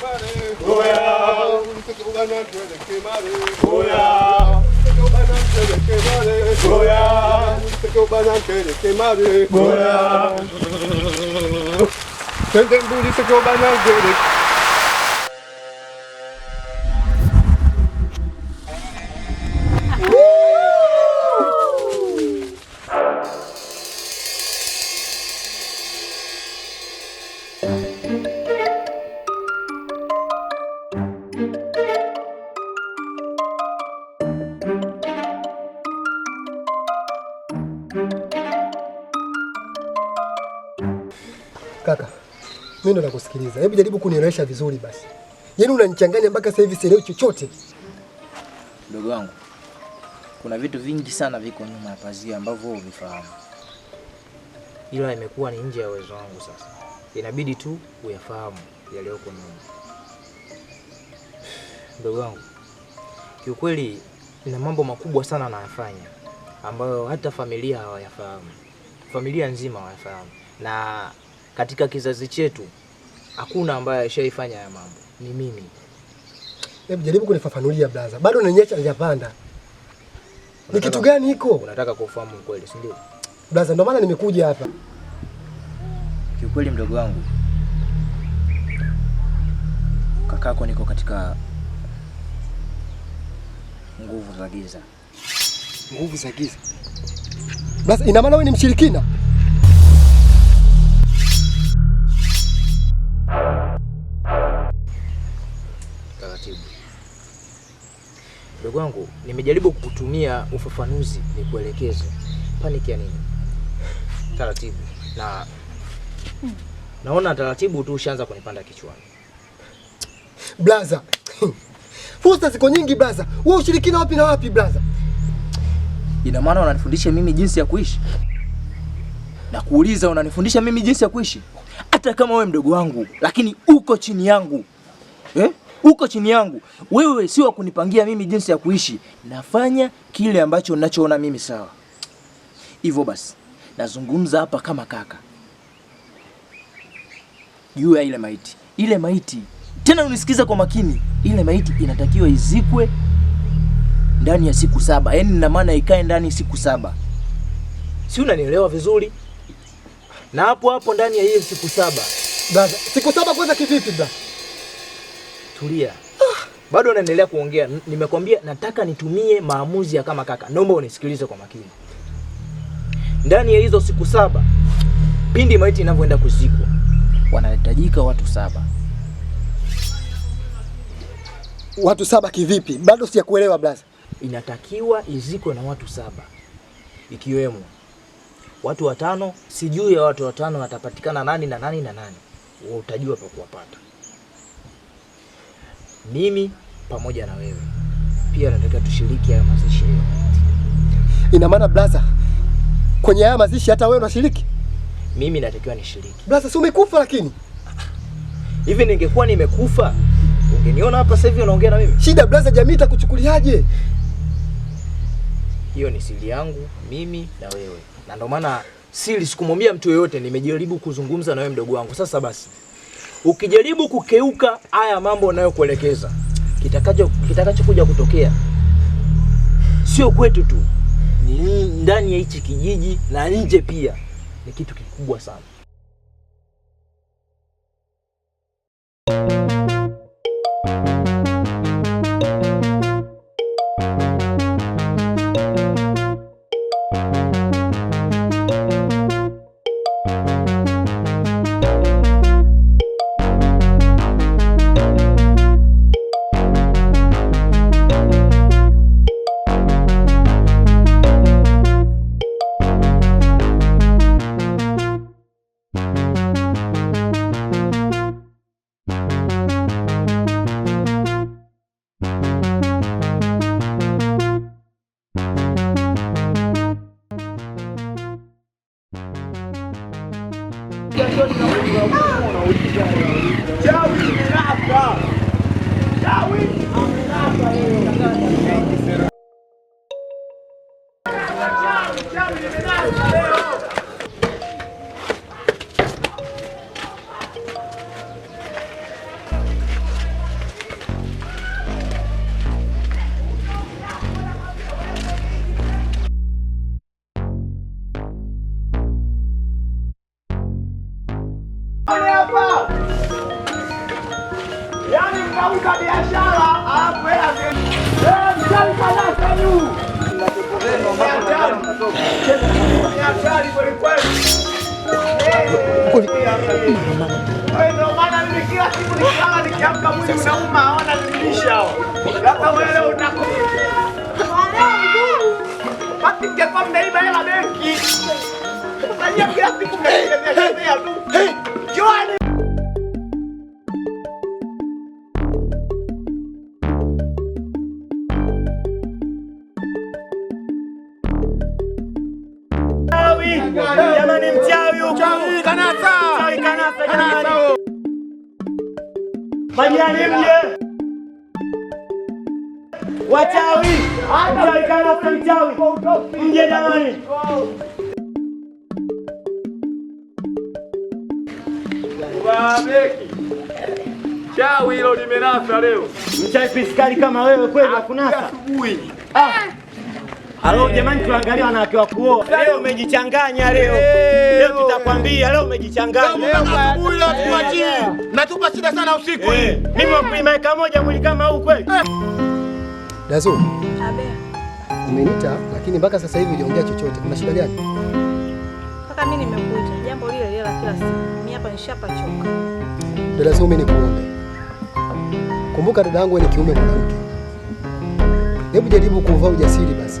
mare. Oya. Take your banana bread and came out. Oya. Take your banana bread and came out. Oya. Take your banana bread and came out. Oya. Take your banana bread and came out. Kaka, mimi ndo nakusikiliza. Hebu jaribu kunielewesha vizuri basi. Yaani unanichanganya mpaka sasa hivi sielewi chochote. Mdogo wangu, kuna vitu vingi sana viko nyuma ya pazia ambavyo uvifahamu ila imekuwa ni nje ya uwezo wangu. Sasa inabidi tu uyafahamu yaliyoko nyuma. Mdogo wangu, kiukweli na mambo makubwa sana anayafanya ambayo hata familia hawayafahamu, familia nzima hawayafahamu na katika kizazi chetu hakuna ambaye ashaifanya haya mambo, ni mimi. Hebu jaribu kunifafanulia blaza, bado nanyesha hajapanda. Ni kitu gani hiko? Unataka kufahamu kweli, si ndio? Blaza, ndio maana nimekuja hapa. Kiukweli mdogo wangu, kakako niko katika nguvu za giza. Nguvu za giza? Blaza, ina maana wewe ni mshirikina? Ndugu wangu, nimejaribu kutumia ufafanuzi ni kuelekeze paniki ya nini, taratibu na Naona taratibu tu ushaanza kunipanda kichwani blaza. Fursa ziko nyingi blaza, wewe ushirikina wapi na wapi blaza? Ina maana unanifundisha mimi jinsi ya kuishi na kuuliza, unanifundisha mimi jinsi ya kuishi hata kama wewe mdogo wangu, lakini uko chini yangu eh? uko chini yangu, wewe sio wa kunipangia mimi jinsi ya kuishi. Nafanya kile ambacho nachoona mimi sawa. Hivyo basi nazungumza hapa kama kaka juu ya ile maiti. Ile maiti tena, unisikiza kwa makini, ile maiti inatakiwa izikwe ndani ya siku saba, yaani na maana ikae ndani siku saba, si unanielewa vizuri? Na hapo hapo ndani ya hiyo siku saba. Siku saba kwanza kivipi bwana? tulia, bado naendelea kuongea. Nimekwambia nataka nitumie maamuzi ya kama kaka, naomba unisikilize kwa makini. Ndani ya hizo siku saba, pindi maiti inavyoenda kuzikwa, wanahitajika watu saba. Watu saba kivipi? Bado sijakuelewa blaza. Inatakiwa izikwe na watu saba, ikiwemo watu watano. Sijui ya watu watano watapatikana nani na nani na nani, utajua pa kuwapata mimi pamoja na wewe pia nataka tushiriki haya mazishi leo. Ina maana blaza, kwenye haya mazishi hata wewe unashiriki? Mimi natakiwa nishiriki. Brother, si umekufa? Lakini hivi ningekuwa nimekufa ungeniona hapa sasa hivi unaongea na mimi? Shida brother, jamii itakuchukuliaje? Hiyo ni siri yangu mimi na wewe, na ndio maana siri sikumwambia mtu yoyote. Nimejaribu kuzungumza na wewe mdogo wangu, sasa basi Ukijaribu kukeuka haya mambo unayokuelekeza, kitakacho kitakachokuja kutokea sio kwetu tu, ni ndani ya hichi kijiji na nje pia, ni kitu kikubwa sana. Yeah. Ndio maana mimi kila siku nikilala nikiamka mwili unauma, hawana nilisha hao. wewe unako basi kwa mnaiba hela benki. Sasa kila siku mnategemea tu. Joani Majani mje, wachawi hataikanafuta mchawi, mje jamani. Chawi hilo limenasa leo, mchawi piskali kama wewe kweli akunasa asubuhi. Ah. Halo jamani, tuangalie wanawake wa kuoa. Leo umejichanganya leo. Leo tutakwambia leo umejichanganya. Leo Natupa shida sana usiku. Eh, mimi maeka moja mwili kama huu kweli. Eh. Dazu. Abe. Umeniita lakini mpaka sasa hivi hujaongea chochote. Kuna shida gani? Kaka mimi nimekuja. Jambo lile lile la kila siku. Mimi hapa nishapachoka. Dada Zo, mimi nikuombe. Kumbuka dada yangu ni kiume mwanamke. Hebu jaribu kuvaa ujasiri basi.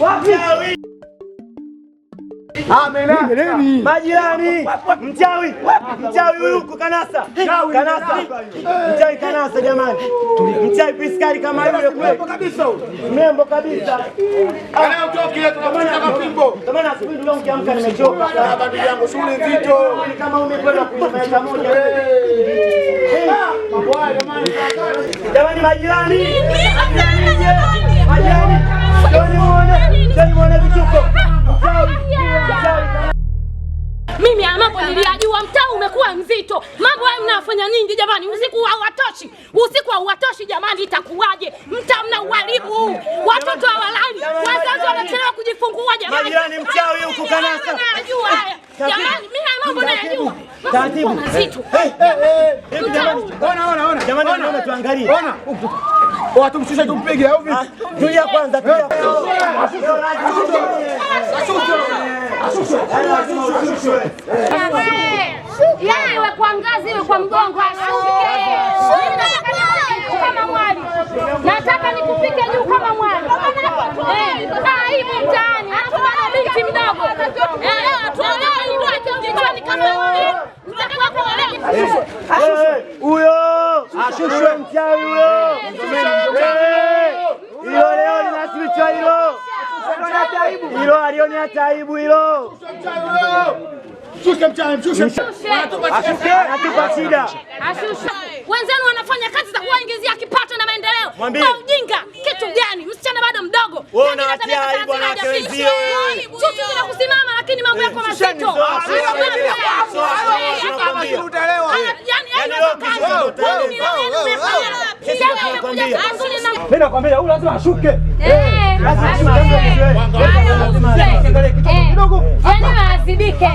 Wapi? Majirani, mchawi mchawi huyu kanasa kanasa, mchawi kanasa, jamani, mchawi piskari kama yule kabisa. leo nimechoka nzito, kama umekwenda moja. Jamani majirani, majirani Mchawi yaani mwana Mimi mambo niliyajua, mtaa umekuwa mzito. Mambo haya mnafanya nyingi jamani, usiku hauwatoshi. Usiku hauwatoshi jamani, itakuwaje? Mtaa mna uharibu. Watoto hawalali. Wazazi wanachelewa kujifungua jamani. Majirani mchawi huko kanasa. Najua haya. Taratibu. Jamani, Tumshushe tumpige au vipi? Ah, tulia kwanza. iwe kwa ngazi iwe kwa mgongo kama mwali. Nataka nikupike juu kama mwali. Aibu mtaani. Binti mdogo. huyo ashushwe, mchawi huyo. Hilo leo linasikichwa hilo hilo, alionea taibu hilo, anatupa shida. Wenzenu wanafanya kazi za kuwaingizia Mwambie. Kwa ujinga kitu gani? Msichana bado mdogo. Wewe unawatia aibu na lakini mambo yako eh, mazito. Yaani, yaani yaani Mimi nakwambia huyu lazima ashuke. Eh yani waadhibike.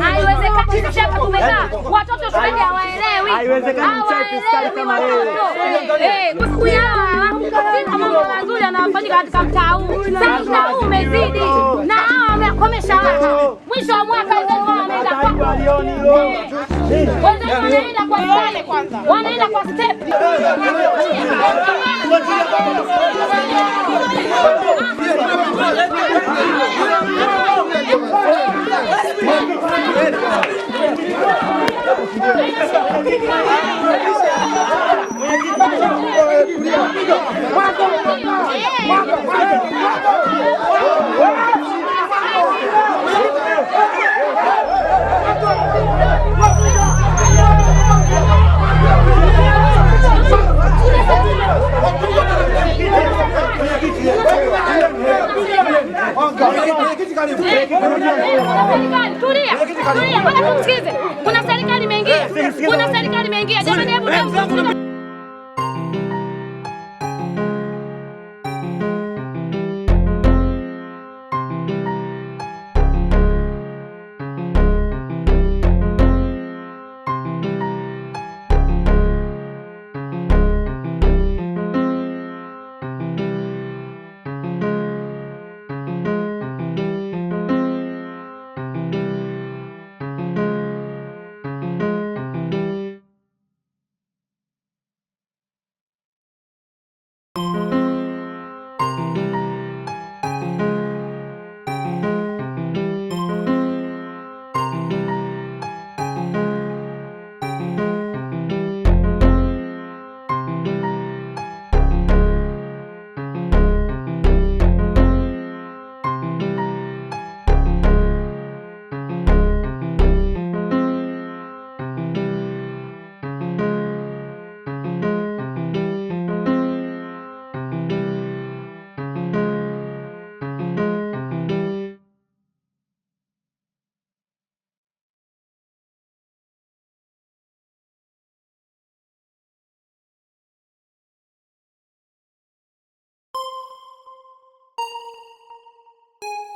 Haiwezekani sisi hapa tumekaa watoto shuleni hawaelewi, hawaelewi mambo mazuri yanayofanyika katika mtaa huu. Sasa mtaa huu umezidi na hawa wamekomesha watu, mwisho wa mwaka wanaenda kwanza, wanaenda kwa step Thank you.